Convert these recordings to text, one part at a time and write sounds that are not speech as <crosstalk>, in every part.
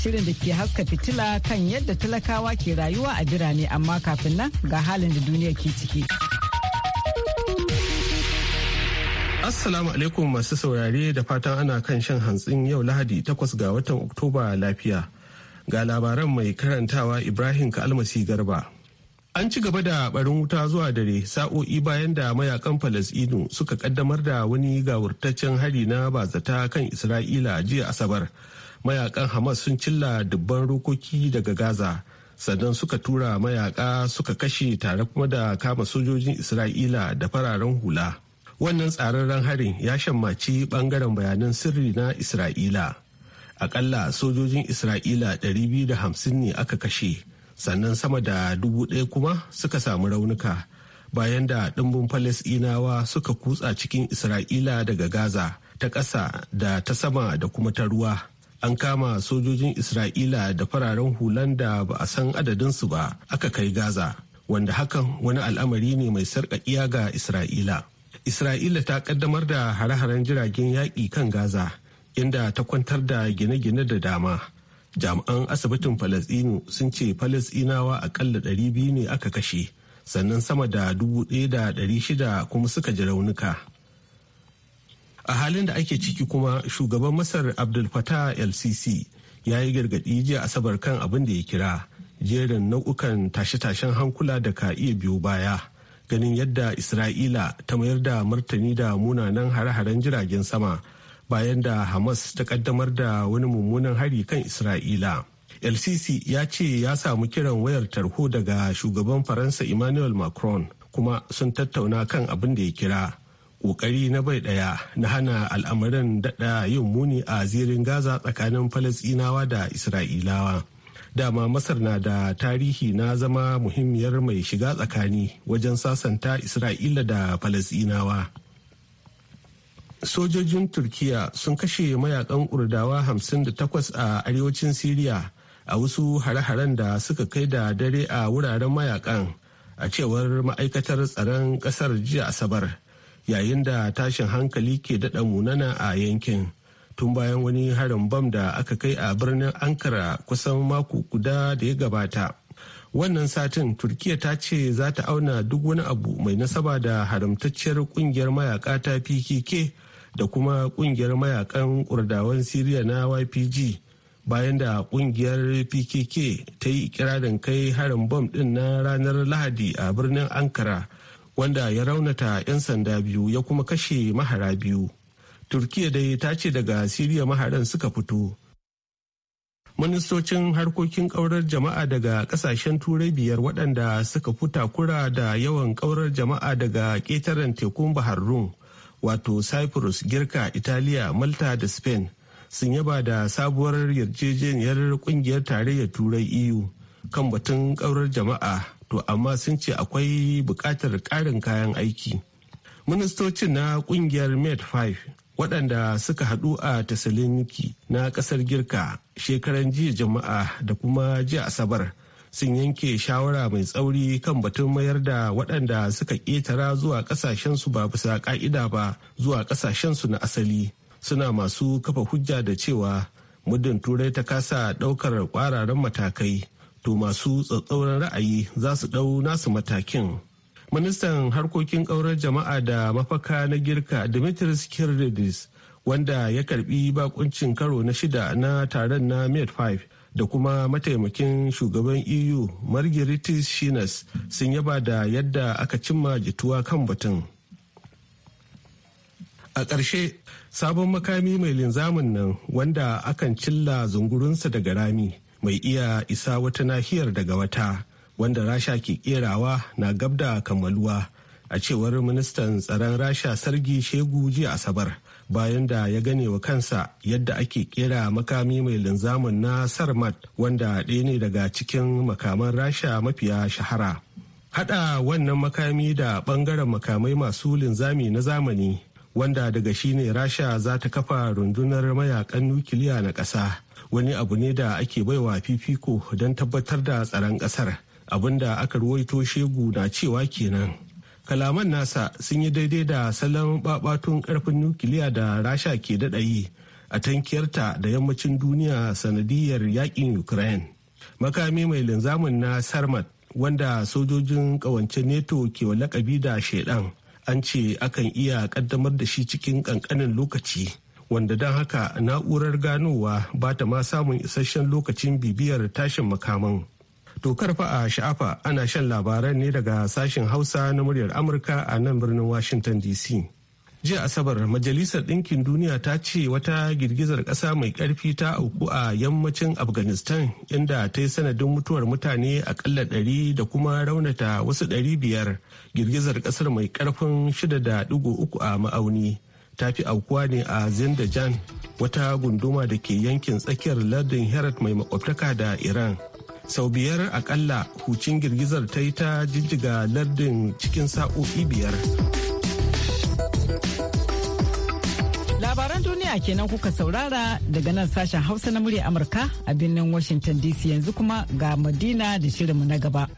shirin da ke haska fitila kan yadda talakawa ke rayuwa a birane amma kafin nan ga halin da duniya ke ciki. Assalamu alaikum masu saurare da fatan ana kan shan hantsin yau Lahadi 8 ga watan Oktoba lafiya. Ga labaran mai karantawa Ibrahim Kalmasi Garba. An ci gaba da barin wuta zuwa dare sa'o'i bayan da mayakan Falasɗinu suka kaddamar da wani gawurtaccen hari na bazata kan Isra'ila jiya Asabar mayakan hamas sun cilla dubban rokoki daga gaza sannan suka tura mayaka suka kashe tare kuma da kama sojojin isra'ila da fararen hula wannan tsararren harin ya shammaci bangaren bayanan sirri na isra'ila akalla sojojin isra'ila 250 ne aka kashe sannan sama da dubu ɗaya kuma suka samu raunuka bayan da ɗimbin falasɗinawa suka kutsa cikin isra'ila daga gaza ta ƙasa da ta sama da kuma ta ruwa an kama sojojin isra'ila da fararen hulan da ba a san adadinsu ba aka kai gaza wanda hakan wani al'amari ne mai sarƙaƙiya ga isra'ila isra'ila ta ƙaddamar da hare-haren jiragen yaƙi kan gaza inda ta kwantar da gine-gine da dama jami'an asibitin falasɗinu sun ce falasɗinawa akalla biyu ne aka kashe sannan sama da dubu ɗaya da ɗari shida kuma suka ji raunuka a halin da ake ciki kuma shugaban masar abdul fatah lcc ya yi gargaɗi jiya asabar kan abin da ya kira jerin nau'ukan tashe-tashen hankula da ka iya biyo baya ganin yadda isra'ila ta mayar da martani da munanan hare-haren jiragen sama bayan da hamas ta kaddamar da wani mummunan hari kan isra'ila lcc ya ce ya samu kiran wayar tarho daga shugaban faransa emmanuel macron kuma sun tattauna kan abin da ya kira kokari na bai daya na hana al'amuran dada yin muni a zirin gaza tsakanin falasinawa da isra'ilawa dama masar na da tarihi na zama muhimmiyar mai shiga tsakani wajen sasanta isra'ila da falasinawa sojojin turkiya sun kashe mayakan kurdawa 58 a arewacin siriya a wasu hare-haren da suka kai da dare a wuraren mayakan a cewar ma'aikatar tsaron kasar jiya asabar yayin da tashin hankali ke daɗa munana a yankin tun bayan wani harin bam da aka kai a birnin ankara kusan mako guda da ya gabata wannan satin turkiya ta ce za ta auna duk wani abu mai nasaba da haramtacciyar kungiyar mayaka ta pkk da kuma kungiyar mayakan kurdawan siriya na ypg bayan da kungiyar pkk ta yi kirarin kai harin bam din na ranar lahadi a birnin ankara wanda ya raunata 'yan sanda biyu ya kuma kashe mahara biyu turkiya dai ta ce daga siriya maharan suka fito ministocin harkokin kaurar jama'a daga kasashen turai biyar waɗanda suka futa kura da yawan kaurar jama'a daga ƙetaren tekun bahar rum wato cyprus girka italiya malta da spain sun yaba da sabuwar yarjejeniyar ƙungiyar tarayyar turai eu kan batun kaurar jama'a to amma sun ce akwai buƙatar ƙarin kayan aiki ministocin na ƙungiyar med 5 waɗanda suka haɗu a Thessaloniki na ƙasar girka shekaran jiya jama'a da kuma jiya asabar sun yanke shawara mai tsauri kan batun mayar da waɗanda suka ƙetara zuwa ƙasashensu ba bisa ƙa'ida ba zuwa ƙasashensu na asali suna masu kafa hujja da cewa muddin turai ta kasa ɗaukar ƙwararren matakai to masu tsatsauran ra'ayi za su ɗau nasu matakin. Ministan harkokin ƙaurar jama'a da mafaka na girka Dimitris Kiridis wanda ya karbi bakuncin karo na shida na taron na Med 5 da kuma mataimakin shugaban EU Margaritis Shinas sun yaba da yadda aka cimma jituwa kan batun. A ƙarshe, sabon makami mai linzamin nan wanda akan cilla zungurunsa daga rami mai iya isa wata nahiyar daga wata wanda rasha ke kerawa na gab da kammaluwa a cewar ministan tsaron rasha sargi shegu jiya asabar bayan da ya gane wa kansa yadda ake kera makami mai linzamin na sarmat wanda ɗaya ne daga cikin makaman rasha mafiya shahara hada wannan makami da bangaren makamai masu linzami na zamani wanda daga shi ne rasha za ta kafa rundunar mayakan nukiliya na ƙasa wani abu ne da ake baiwa fifiko don tabbatar da tsaron ƙasar da aka ruwaito shegu na cewa kenan kalaman nasa sun yi daidai da salon babatun karfin nukiliya da rasha ke daɗa yi. a tankiyarta da yammacin duniya sanadiyar yakin ukraine makami mai linzamin na sarmat wanda sojojin ƙawance neto ke lakabi da shaidan an ce akan iya ƙaddamar da shi cikin ƙanƙanin lokaci wanda don haka na'urar ganowa ba ta ma samun isasshen lokacin bibiyar tashin makaman. To karfa a sha'afa ana shan labaran ne daga sashen Hausa na muryar Amurka a nan birnin Washington DC. Jiya Asabar Majalisar Ɗinkin Duniya ta ce wata girgizar ƙasa mai ƙarfi ta auku a yammacin Afghanistan inda ta yi sanadin mutuwar mutane akalla ɗari da kuma raunata wasu ɗari biyar girgizar ƙasar mai ƙarfin shida a ma'auni. ta fi aukuwa ne a zindajan wata gunduma da ke yankin tsakiyar lardin herat mai makwabtaka da iran sau biyar akalla hucin girgizar ta yi ta jijjiga lardin cikin sa'o'i biyar labaran duniya kenan kuka saurara daga nan sashen hausa na murya amurka a birnin washington dc yanzu kuma ga madina da shirinmu na gaba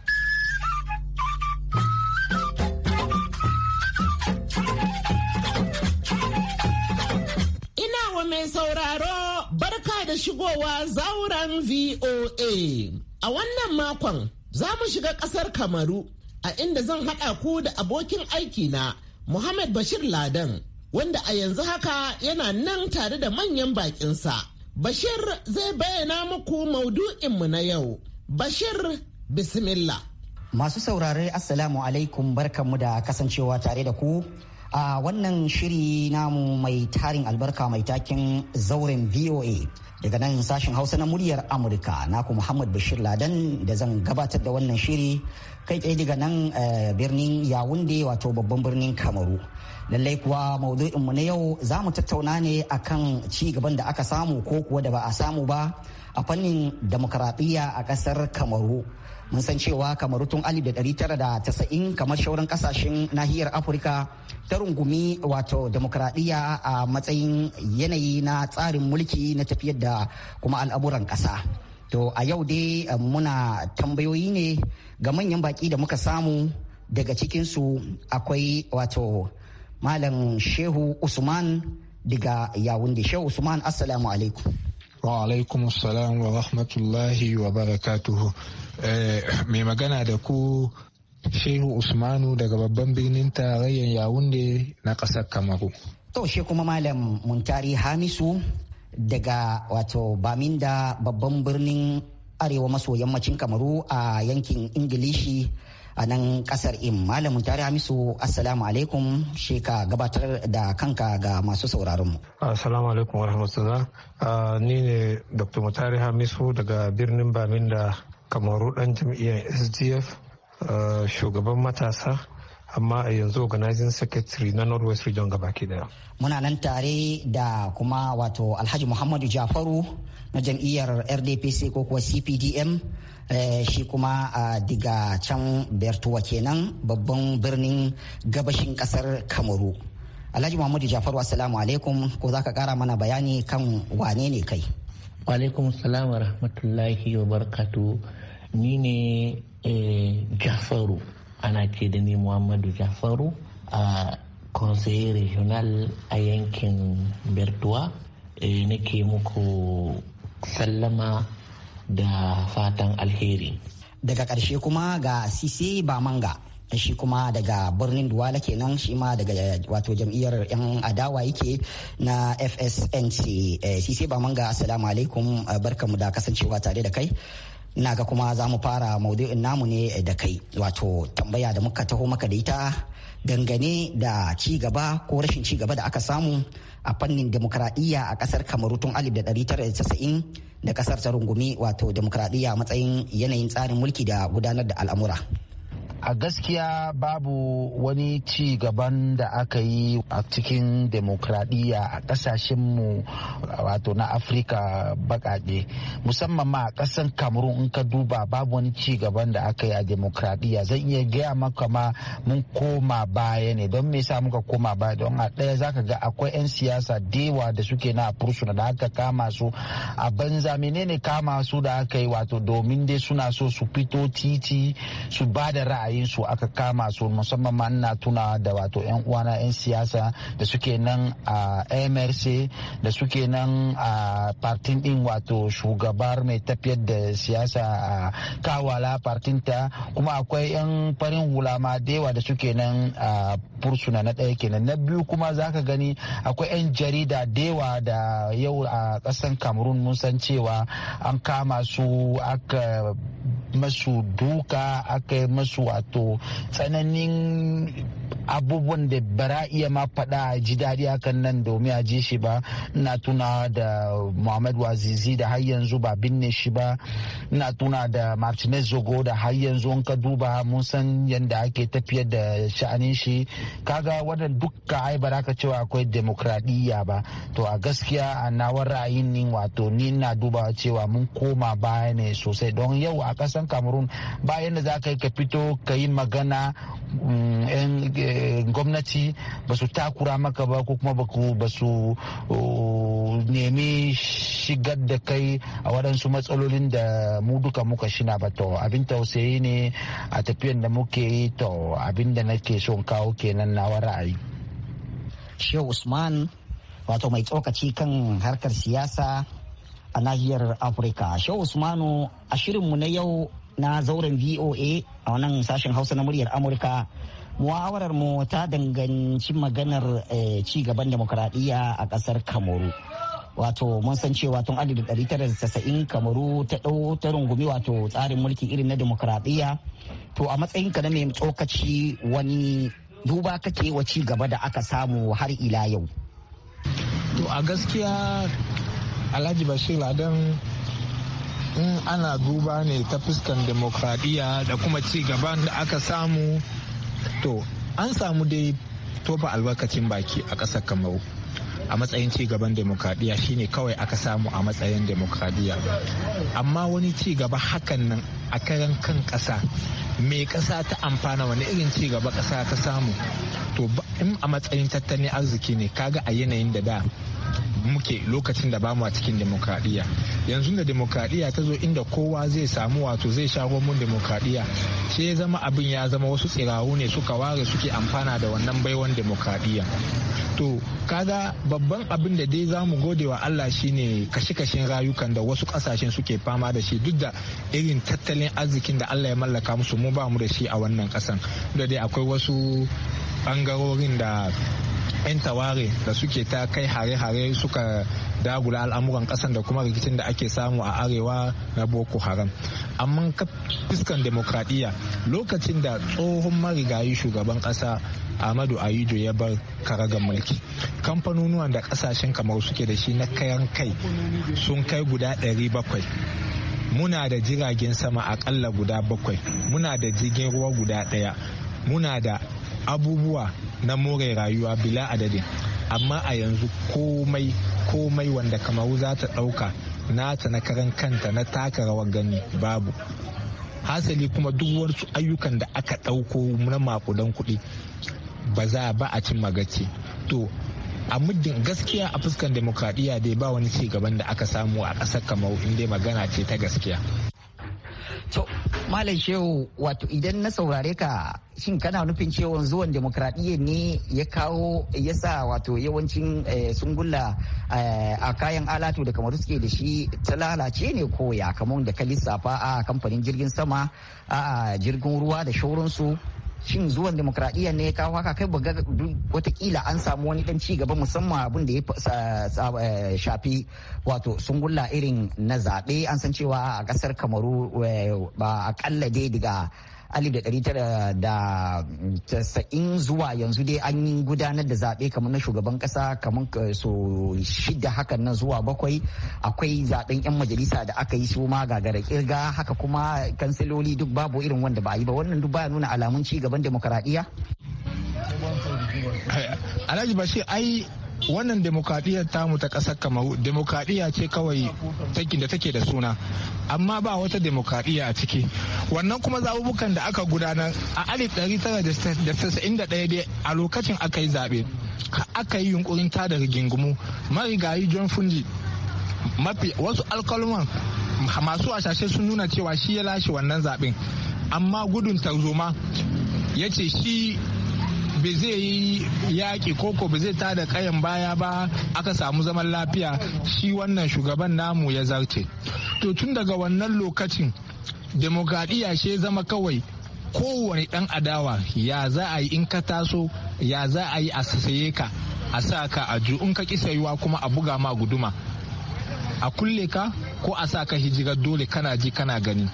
kowa zauren VOA. A wannan makon za mu shiga ƙasar Kamaru a inda zan haɗa ku da abokin aikina Muhammad Bashir Ladan wanda a yanzu haka yana nan tare da manyan baƙinsa. Bashir zai bayyana muku maudu'inmu na yau. Bashir Bismillah. Masu saurare Assalamu alaikum barkanmu da kasancewa tare da ku. a wannan shiri namu mai tarin albarka mai takin zauren voa daga nan sashen hausa na muryar amurka naku muhammad bashir ladan da zan gabatar da wannan shiri kai tsaye daga nan eh, birnin yawunde wato babban birnin kamaru lallai kuwa mu na yau za mu tattauna ne akan ci gaban da aka samu ko kuwa da ba a samu ba a fannin demokaradiyya a kasar kamaru mun san cewa kamaru tun 1990 kamar shauran kasashen nahiyar afirka ta rungumi wato demokradiyya a matsayin yanayi na tsarin mulki na tafiyar da kuma al'amuran ƙasa. To a yau dai eh, muna tambayoyi ne ga manyan baki da muka samu daga cikinsu akwai wato Malam Shehu Usman daga Yawunde. Shehu Usman, Assalamu alaikum. Wa alaikum salam wa rahmatullahi wa barakatuhu. Eh, mai magana da ku Shehu Usmanu daga babban birnin tarayyar Yawunde na ƙasar Kamaru. To kuma Malam Muntari Hamisu daga wato baminda babban birnin arewa maso yammacin kamaru a yankin ingilishi a nan kasar im malamin tare hamisu assalamu alaikum shi ka gabatar da kanka ga masu sauraron mu assalamu alaikum wa rahmatullah ni ne dr mutari hamisu daga birnin baminda kamaru dan jam'iyyar sdf shugaban matasa amma a yanzu organizing secretary na northwest region gabaki daya muna nan tare da kuma wato alhaji muhammadu jafaru na jam'iyyar rdpc ko kuwa cpdm eh, shi kuma ah, diga can bertuwa kenan babban birnin gabashin kasar kamaru alhaji muhammadu jafaru assalamu alaikum ko za ka kara mana bayani kan wane ne kai alaikum salam wa rahmatullahi wa barkatu ni ne eh, jafaru ana ke da ni muhammadu jafaru a conseil regional a yankin bertuwa e, nake muku sallama da fatan alheri daga karshe kuma ga sisi bamanga shi kuma daga birnin duwala kenan shi ma daga wato jam'iyyar yan adawa yake na fsnc sisi e, bamanga assalamu alaikum barkamu da kasancewa tare da kai ina ga kuma za mu fara maudu'in namu ne da kai wato tambaya da muka taho maka da ita dangane da ci gaba ko rashin ci gaba da aka samu a fannin demokradiyya a kasar kamaru tun 1990 da kasar ta rungumi wato demokradiyya matsayin yanayin tsarin mulki da gudanar da al'amura a gaskiya babu wani ci gaban da aka yi a cikin demokradiyya a kasashenmu wato na afirka bakade musamman ma a kasan cameroon in ka duba babu wani ci gaban da aka yi a demokradiyya zan iya gaya maka ma mun koma baya ne don me sa muka koma baya don a ɗaya zaka ga akwai 'yan siyasa dewa da suke na fursuna da aka kama su a banza menene kama su da aka yi wato domin dai suna so su fito titi su ba da ra'ayi ra'ayin su aka kama su musamman ma ina tuna da wato 'yan uwana 'yan siyasa da suke nan a mrc da suke nan a partin din wato shugabar mai tafiyar da siyasa a kawala ta kuma akwai 'yan farin hula ma da yawa da suke nan a fursuna na ɗaya kenan na biyu kuma za ka gani akwai 'yan jarida da yawa da yau a ƙasan cameroon mun san cewa an kama su aka masu duka aka yi masu wato tsananin abubuwan da bara iya ma faɗa ji daɗi hakan nan domin a ji shi ba ina tuna da muhammad wazizi da har yanzu ba binne shi ba ina tuna da martinez zogo da har yanzu in ka duba mun san yadda ake tafiyar da sha'anin shi kaga wannan dukka ai ba ka cewa akwai demokradiyya ba to a gaskiya a nawar ra'ayin ni wato ni na duba cewa mun koma baya ne sosai don yau a kasan cameroon bayan da za ka yi ka fito ka yi magana mm, Eh, gwamnati ba su takura maka ba ko kuma ba su nemi shigar da kai a waɗansu matsalolin da mu duka muka shina ba to abin tausayi ne a tafiyan da muke yi to abin da nake son kawo kenan na ra'ayi. Shehu Usman wato mai tsokaci kan harkar siyasa a nahiyar Afirka. Shehu Usmanu a shirinmu na yau na zauren VOA a wannan sashen Hausa na muryar Amurka muhawarar mu ta danganci maganar eh, ci gaban demokuraɗiyya a ƙasar kamaru wato mun san cewa tun da tara 1990 kamaru ta ɗau ta rungumi wato tsarin mulki irin na demokuraɗiyya to a matsayin ka na mai tsokaci wani duba kake wa ci gaba da aka samu har ila yau to a gaskiya alhaji bashir ladan in ana duba ne ta fuskan demokradiyya da kuma ci gaban da aka samu to an samu dai tofa albarkacin baki a ƙasar kamaru a matsayin ci gaban demokradiyya shine kawai aka samu a matsayin demokradiyya amma wani ci gaba hakan nan a karan kan ƙasa me ƙasa ta amfana wani irin ci gaba ƙasa ta samu to in a matsayin tattalin arziki ne kaga a yanayin da da muke lokacin da bamu a cikin demokradiyya yanzu da demokradiyya ta zo inda kowa zai samu wato zai sha mun demokradiyya sai ya zama abin ya zama wasu tsirawu ne suka ware suke amfana da wannan baiwan demokradiyya to kaga babban abin da dai zamu gode wa Allah shine kashe-kashen rayukan da wasu kasashen suke fama da shi duk da irin tattalin arzikin da Allah ya mallaka musu mu ba mu da shi a wannan kasan da dai akwai wasu bangarorin da 'yan taware da suke ta kai hare-hare suka dagula al'amuran kasan da kuma rikicin da ake samu a arewa na boko haram amma fuskan demokradiyya lokacin da tsohon marigayi shugaban kasa amadu Ayido ya bar karagar mulki. Kamfanonuwan da kasashen kamar suke da shi na kayan kai sun kai guda 700. Muna da jiragen sama akalla guda bakwai, muna da jirgin ruwa guda ɗaya, muna da abubuwa na more rayuwa bila adadin amma a yanzu komai komai wanda kamaru za ta ɗauka nata na karan kanta na taka rawar gani babu hasali kuma duk wasu ayyukan da aka ɗauko na makudan kuɗi ba za ba a cin magaci to a muddin gaskiya a fuskan demokradiyya dai ba wani ci gaban da aka samu a ƙasar kamau inda magana ce ta gaskiya Malam Shehu wato idan na saurare ka shin kana nufin cewa zuwan demokradiyya ne ya kawo ya sa wato yawancin eh, gulla eh, a kayan alatu da kamar suke da shi ta lalace ne ko ya kamar da ka lissafa a kamfanin jirgin sama a jirgin ruwa da shauransu shin zuwan demokradiyya ne ya kawo haka kai buga watakila an samu wani dan ci gaba musamman abin da ya eh, shafi wato sungulla irin na zaɓe an san cewa a kasar kamaru eh, ba akalla dai daga 1990 zuwa yanzu dai an yi gudanar da zaɓe kamar na shugaban ƙasa kamar eh, so shida hakan nan zuwa bakwai akwai zaɓen 'yan majalisa da aka yi su ma gagara kirga haka kuma kansiloli duk babu irin wanda ba yi ba wannan duk baya nuna alamun ci gaban demokaradiyya alhaji bashir ai wannan ta tamu ta kasar kamaru demokradiyya ce kawai takin da take da suna amma ba wata demokradiyya a ciki wannan kuma zabubukan da aka gudanar a alif 1991 dai a lokacin aka yi zaɓe aka yi yunkurin da rigingimu marigayi john fungi mafi wasu alkalman masu ashashe sun nuna cewa shi ya lashe wannan zaɓen amma gudun tarzoma ya ce shi ba zai yi yaƙi koko ba zai tada kayan baya ba aka samu zaman lafiya shi wannan shugaban namu ya zarce to tun daga wannan lokacin demokradiyya she zama kawai kowane ɗan adawa ya za a yi in ka taso ya za a yi a saye ka a sa ka a ju in ka ki sayuwa kuma a buga ma guduma a kulle ka ko a sa ka hijirar dole kana ji kana gani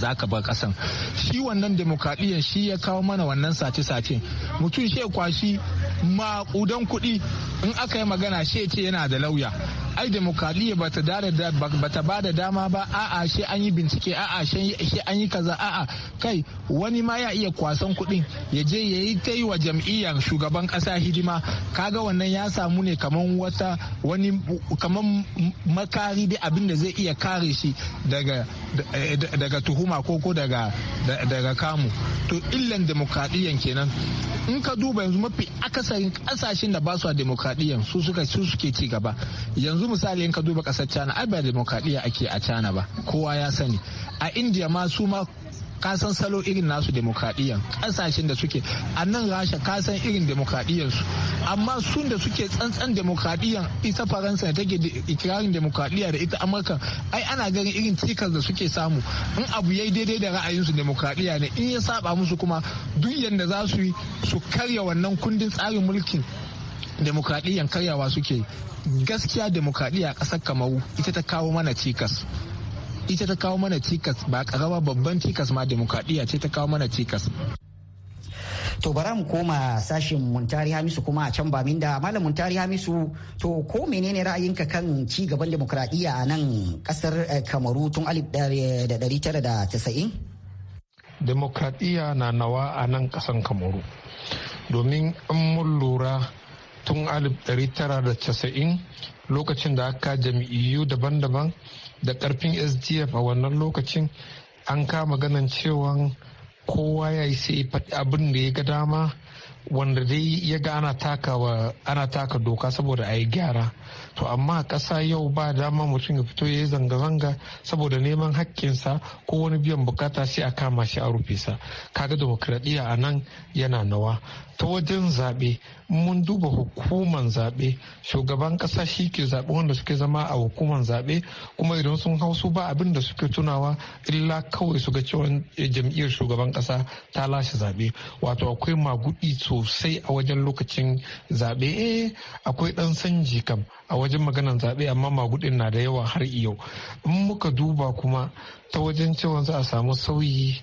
zaka bar kasan shi wannan demokradiyyar shi ya kawo mana wannan sace-sace mutum shi kwashi maƙudan kuɗi in aka yi magana shi ce yana da lauya ai demokradiyya ba ta ba da dama ba a'a shi an yi bincike a'a shi an yi kaza a'a kai wani ma ya iya kwasan kuɗin ya je ya yi ta yi wa jam'iyyar shugaban ƙasa hidima kaga wannan ya samu ne kaman wata wani kaman makari da abin da zai iya kare shi daga daga tuhuma ko ko daga kamu to illan demokradiyyan kenan in ka duba yanzu mafi akasarin kasashen da ba su a demokradiyyan su suka su suke ci gaba yanzu misali in ka duba kasar China ai ba demokradiyya ake a China ba kowa ya sani a India ma su ma kasan salo irin nasu demokradiyyan kasashen da suke a nan rasha kasan irin demokradiyyan su amma sun da suke tsantsan demokradiyyan ita faransa da take ikirarin demokradiyya da ita amurka ai ana ganin irin cikas da suke samu in abu ya yi daidai da ra'ayinsu demokradiyya ne in ya saba musu kuma duk yadda za su yi su karya wannan kundin tsarin mulkin demokradiyyan karyawa suke gaskiya demokradiyya a ƙasar kamaru ita ta kawo mana cikas ita ta kawo mana cikas ba karama babban cikas ma demokradiyya ce ta kawo mana cikas to bara mu koma sashin muntari hamisu kuma a can ba da malam muntari hamisu to ko menene ra'ayinka kan ci gaban demokradiyya a nan kasar eh, kamaru tun 1990 eh, demokradiyya na nawa a nan kasar kamaru domin an mun lura tun 1990 lokacin da aka jam'iyyu daban-daban da karfin sdf a wannan lokacin an kama ganin cewa kowa ya yi sai abin da ya ga dama wanda dai ya ga ana taka wa ana taka doka saboda a yi gyara to amma ƙasa yau ba dama mutum ya fito ya yi zanga-zanga saboda neman hakkinsa ko wani biyan bukata sai a kama shi a rufe sa kaga demokradiyya a nan yana nawa ta wajen zaɓe mun duba hukuman zaɓe shugaban ƙasa shi ke zaɓe wanda suke zama a hukuman zaɓe kuma idan sun hau su ba abin da suke tunawa illa kawai su ga cewa jam'iyyar shugaban ƙasa ta lashe zaɓe wato akwai magudi sosai a wajen lokacin zaɓe eh akwai ɗan sanji kam a wajen maganan zaɓe amma magudin na da yawa har yau in muka duba kuma ta wajen cewa za a samu sauyi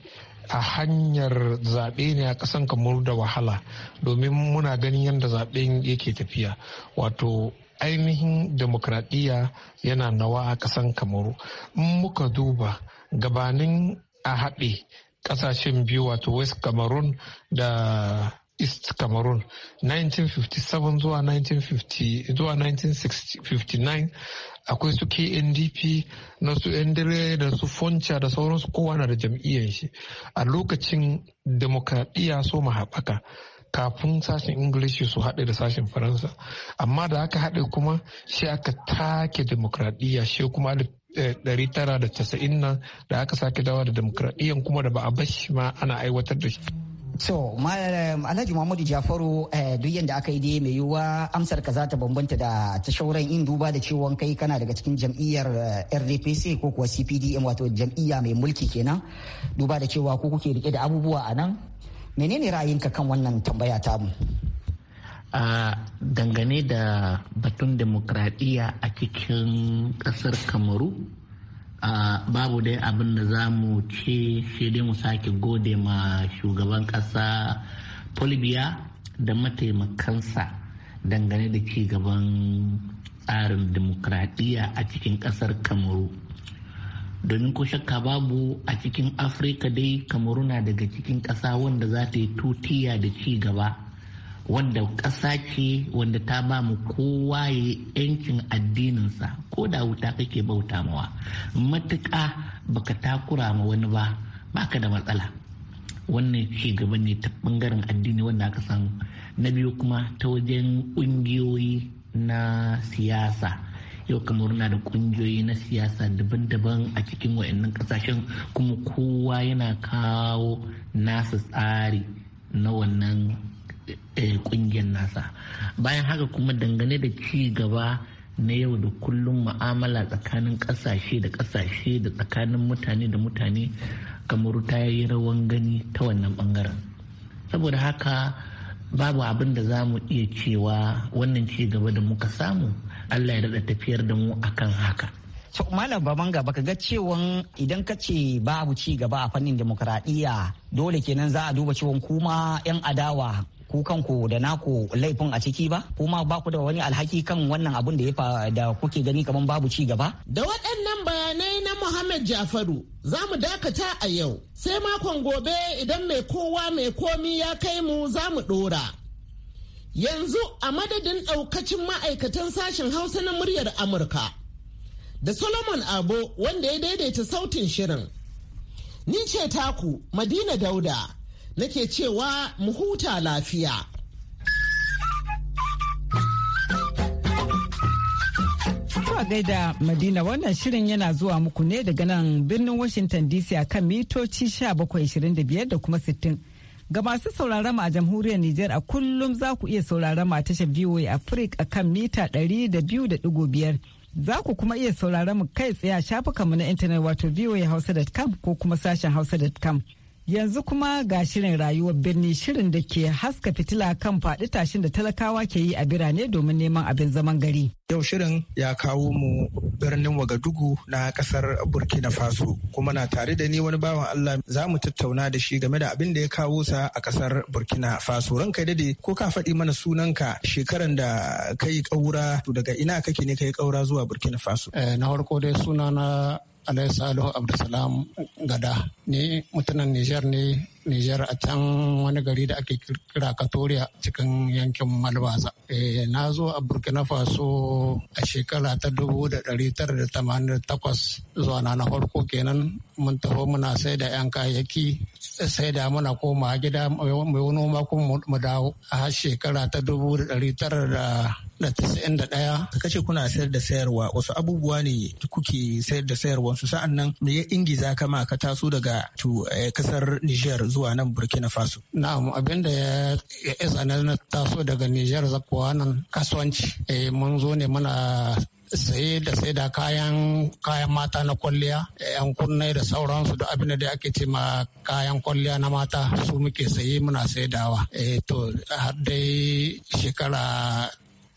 a hanyar zaɓe ne a ƙasan kamar da wahala domin muna ganin yadda zaɓen yake tafiya wato ainihin demokradiyya yana nawa a ƙasan kamaru in muka duba gabanin a haɗe ƙasashen biyu wato west cameroon da east cameroon 1957 zuwa 1950 zuwa 1959 akwai su kndp na su endere da su fonca da sauransu kowa na da jam'iyyar shi a lokacin demokradiyya so haɓaka kafin sashen english su haɗe da sashen faransa amma da aka haɗe kuma shi aka take demokradiyya shi kuma 1990 eh, nan da aka sake dawa da demokradiyyan kuma da ba a bashi ma ana aiwatar da shi So, um, Alhaji Muhammadu Jafaru eh, duk yadda aka yi dai mai yiwuwa amsar ka za ta bambanta da ta shauran in duba da cewa kai kana daga cikin jam'iyyar eh, RDPC ko kuwa CPDM wato jam'iyya mai mulki kenan duba da cewa ko kuke rike da abubuwa a nan. Menene ra'ayinka kan wannan tambaya mu. a dangane da batun demokradiyya a cikin kasar kamaru babu dai abin da za mu ce sai dai mu sake gode ma shugaban ƙasa polibiya da mataimakansa dangane da ci gaban tsarin demokradiyya a cikin ƙasar kamaru domin ko shakka babu a cikin afirka dai kamaru na daga cikin ƙasa wanda za ta yi tutiya da ci gaba wanda ƙasa ce wanda ta ba mu kowa ya yankin addininsa ko da wuta kake bauta mawa matuƙa baka takura ma wani ba baka da matsala wannan ci gaba ne ta bangaren addini wanda aka san na biyu kuma ta wajen ƙungiyoyi na siyasa yau kamar na da ƙungiyoyi na siyasa daban-daban a cikin wa'annan ƙasashen kuma kowa yana kawo nasa tsari na wannan Eh, kungiyar nasa bayan haka kuma dangane da ci gaba na yau da kullum ma'amala tsakanin kasashe da kasashe da tsakanin mutane da mutane kamar ta yi rawan gani ta wannan bangaren saboda haka babu abin da za mu iya cewa wannan ci gaba da muka samu allah ya daɗa tafiyar da mu akan haka to malam baban gaba ga cewa idan ka ce babu ci gaba a fannin demokradiyya dole kenan za a duba cewa kuma yan adawa ku kanku da naku laifin a ciki ba kuma ba ku da wani alhaki kan wannan abun da ya fa da kuke gani kamar babu ci gaba da waɗannan bayanai na Muhammad Jafaru za mu dakata a yau sai makon gobe idan mai kowa mai komi ya kai mu za mu ɗora yanzu a madadin ɗaukacin ma'aikatan sashen hausa na muryar amurka da solomon abo wanda ya daidaita sautin shirin ni ce taku madina dauda nake cewa mu huta lafiya. Zuwa gaida Madina wannan shirin yana zuwa muku ne daga nan birnin Washington DC a kan mitoci 1725 da kuma 60. Ga masu sauraron mu a jamhuriyar Nijar a kullum za ku iya sauraron a tashar VOA Africa a kan mita 200.5. Za ku kuma iya sauraron mu kai tsaye a shafukanmu na intanet wato hausa.com ko kuma sashen hausa.com. Yanzu kuma ga shirin rayuwar birni shirin da ke haska fitila kan faɗi tashin da talakawa ke yi a birane domin neman abin zaman gari. Yau shirin ya kawo mu birnin Wagadugu na kasar Burkina Faso kuma na tare da ni wani bawan Allah za mu tattauna da shi game da abin da ya kawo sa a kasar Burkina Faso. Ranka dade ko ka faɗi mana sunanka shekaran da ka yi ƙaura daga ina kake ne ka yi ƙaura zuwa Burkina Faso. Eh, na farko dai sunana alayhi Salihu Abdulsalam Gada. Ni mutanen Nijar ne, Nijar a can wani gari da ake kira Katoriya cikin yankin Malbaza. Eh, na zo a Burkina Faso a shekara ta dubu da ɗari tara da tamanin takwas zuwa na farko kenan mun taho muna sai da 'yan kayayyaki sai da muna koma gida mai wani makon mu dawo a shekara ta dubu da dari tara da da ɗaya. Ka ce kuna sayar da sayarwa wasu abubuwa ne kuke sayar da sayarwa su sa'an nan me ya ingiza kama ka taso daga tu eh, kasar Nijar zuwa nan Burkina Faso. Na'am abin da ya isa na taso daga Niger zakuwa nan kasuwanci. Eh, mun zo ne muna saye da sai da kayan kayan mata na kwalliya yan kunne da sauransu da abin da ake ce ma kayan kwalliya na mata su muke saye muna saidawa eh to har dai shekara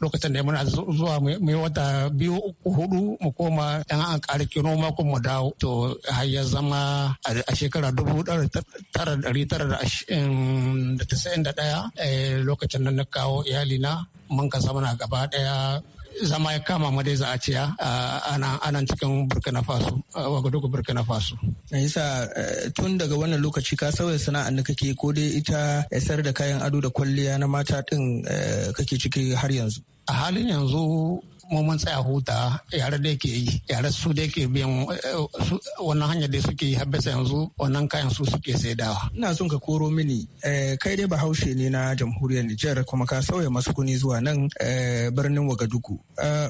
lokacin da muna zuwa mai wata biyu uku hudu mu koma yan an kare kino ma mu dawo to har ya zama a shekara dubu tara dari tara da tasa'in da ɗaya eh, lokacin da na kawo iyalina mun ka zama gaba ɗaya zama ya kama mu dai za a ce anan cikin burkina faso wagadugu burkina faso yasa eh, tun daga wannan lokaci ka sauya sana'ar da kake ko dai ita ya eh, sayar da kayan ado da kwalliya na mata din eh, kake ciki har yanzu a halin yanzu mu mun tsaya huta yare da yake yi yare su da yake biyan eh, wannan hanya da suke yi habbasa yanzu wannan kayan su suke saidawa. Ina son ka koro mini eh, kai dai bahaushe ne na jamhuriyar Nijar kuma ka sauya maskuni zuwa nan eh, birnin Wagadugu.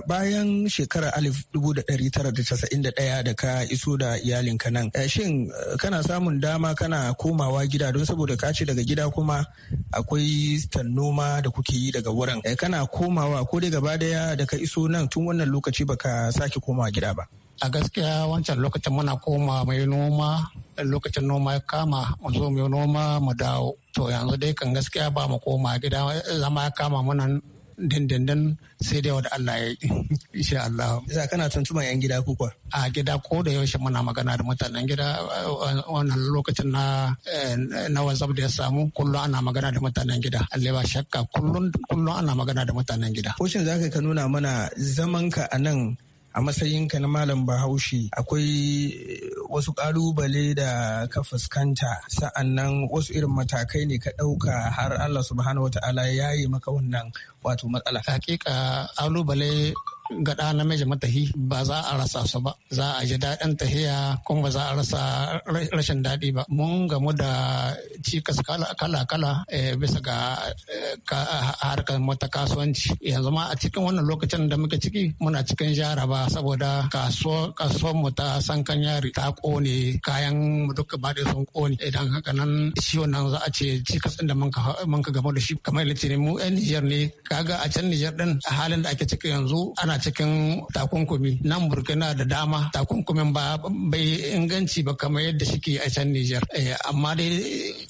Bayan shekara alif dubu da ɗari tara da casa'in da ɗaya da ka iso da iyalinka nan. Shin kana samun dama kana komawa gida don saboda ka ce daga gida kuma akwai tannoma da kuke yi daga wurin. Kana komawa ko dai gaba daya da ka iso nan tun wannan lokaci baka sake koma gida ba a gaskiya wancan lokacin muna koma mai noma lokacin noma ya kama mu zo mai noma mu dawo to yanzu dai kan gaskiya ba mu koma gida zama ya kama muna dandandan sai dai wa Allah ya yi <laughs> insha Allah za kana tuntuma yan gida kuka? a gida ko da yaushe muna magana da mutanen gida wannan lokacin na eh, na WhatsApp da ya samu kullum ana magana da mutanen gida Allah ba shakka kullum ana magana da mutanen gida ko shin zaka ka nuna mana zaman ka a nan a matsayinka na malam bahaushe akwai eh, wasu ƙalubale da ka fuskanta sa'annan wasu irin matakai ne ka ɗauka har Allah subhanahu Ta'ala ya yi maka wannan wato matsala. Hakika kalubale gada namiji matahi ba za a rasa su ba za a ji daɗin tahiya kuma ba za a rasa rashin daɗi ba mun gamu da cikas kala-kala eh, bisa ga eh, harkar mata kasuwanci yanzu ma a cikin wannan lokacin da muke ciki muna cikin jaraba saboda kasuwar mu ta sankan yari ta kone kayan mu duka ba da sun kone idan haka nan shi wannan za a ce cikas ɗin da mun ka gamu da shi kamar litinin mu 'yan Nijar ne kaga a can Nijar ɗin a halin da ake ciki yanzu ana cikin takunkumi nan burkina da dama takunkumin ba bai inganci ba kamar yadda suke a can nijar eh, amma dai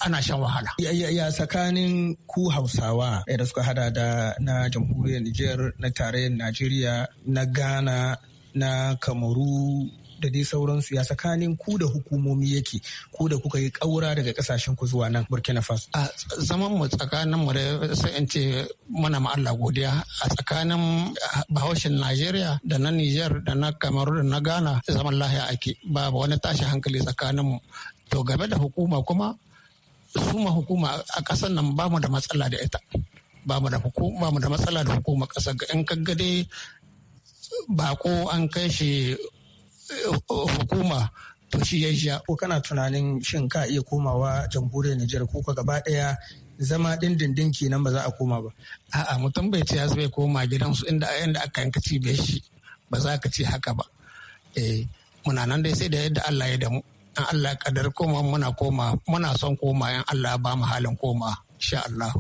ana shan wahala ya tsakanin ku hausawa eh, da suka hada da na jamhuriyar nijar na tarayyar najeriya na ghana na kamaru da dai sauransu ya tsakanin ku da hukumomi yake ku da kuka yi ƙaura daga kasashen ku zuwa nan burkina faso a zaman mu tsakanin mu da sai in ce muna ma Allah godiya a tsakanin bahaushen najeriya da na niger da na kamaru da na ghana zaman lahiya ake ba wani tashi hankali tsakanin mu to game da hukuma kuma su ma hukuma a ƙasar nan ba mu da matsala da ita ba mu da hukuma da matsala da hukuma ƙasar in kaggade bako an kai shi hukuma to shi ya sha. Ko kana tunanin shin ka iya komawa jamhuriyar Nijar ko ka gaba ɗaya zama dindindin kenan ba za a koma ba. A'a mutum bai ce ya zai koma gidansu inda inda aka yanka ci bai shi ba za ka ce haka ba. Eh muna nan dai sai da yadda Allah ya damu. An Allah kadar koma muna koma muna son koma in Allah ba mu halin koma insha Allah.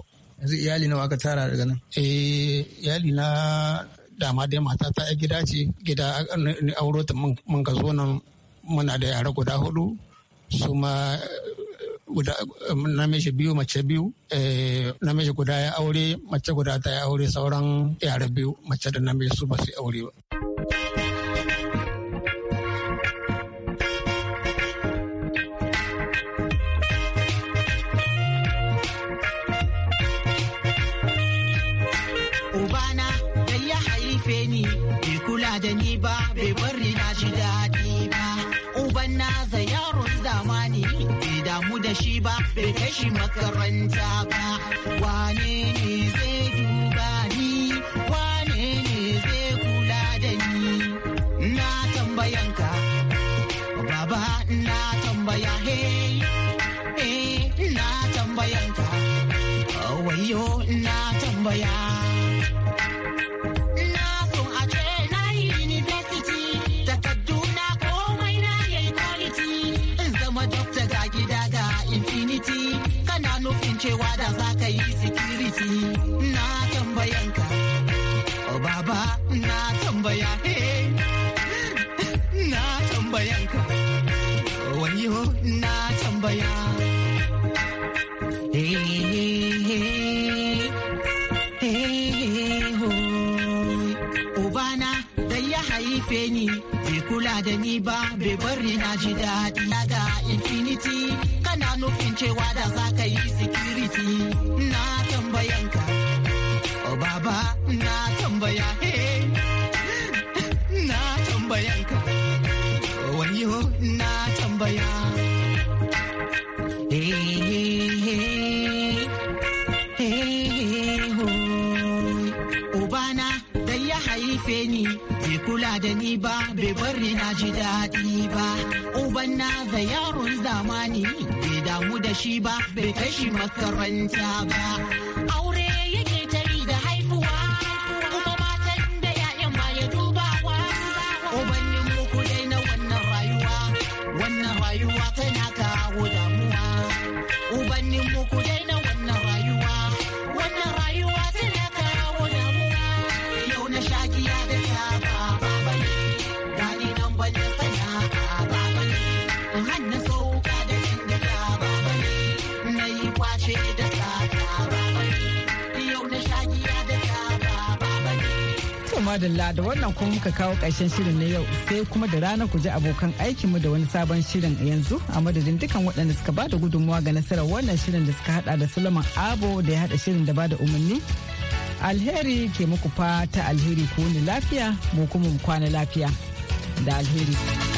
Yanzu iyali nawa ka tara daga nan? Eh iyali na dama dai mata ta gida ce gida auro ta mun ka zo nan muna da yara guda hudu su ma namiji biyu mace biyu eh, namiji guda ya aure mace guda ta ya aure sauran yara biyu mace da namiji su ba su aure ba. da shi ba bai kai shi makaranta ba wane ne zai cewa da za ka yi sikiriti na tambayanka o oh, baba na tambaya he na tambayanka wani ho na tambaya Ubana da ya haife ni, bai kula da ni ba, bai bari na ji daɗi. Daga infinity kana nufin cewa da za ka yi security na tambayanka o oh, baba na tambaya he eh. na tambayanka wani na tambaya haife ni bai kula da ni ba bai bari na ji daɗi ba uban na da yaron zamani damu da shi ba bai kashi makaranta ba aure yake tari da haifuwa kuma matan da yayan ma ya dubawa ubannin muku dai na wannan rayuwa wannan rayuwa tana kawo damuwa ubannin muku dai madalla da wannan kuma muka kawo ƙarshen shirin na yau sai kuma da rana ku ji abokan aikinmu da wani sabon shirin yanzu a madadin dukan waɗanda suka bada gudunmawa ga nasarar wannan shirin da suka hada da Suleiman Abo da ya hada shirin da bada umarni. Alheri ke muku fata alheri ku ni lafiya mu kuma mu kwana lafiya da alheri.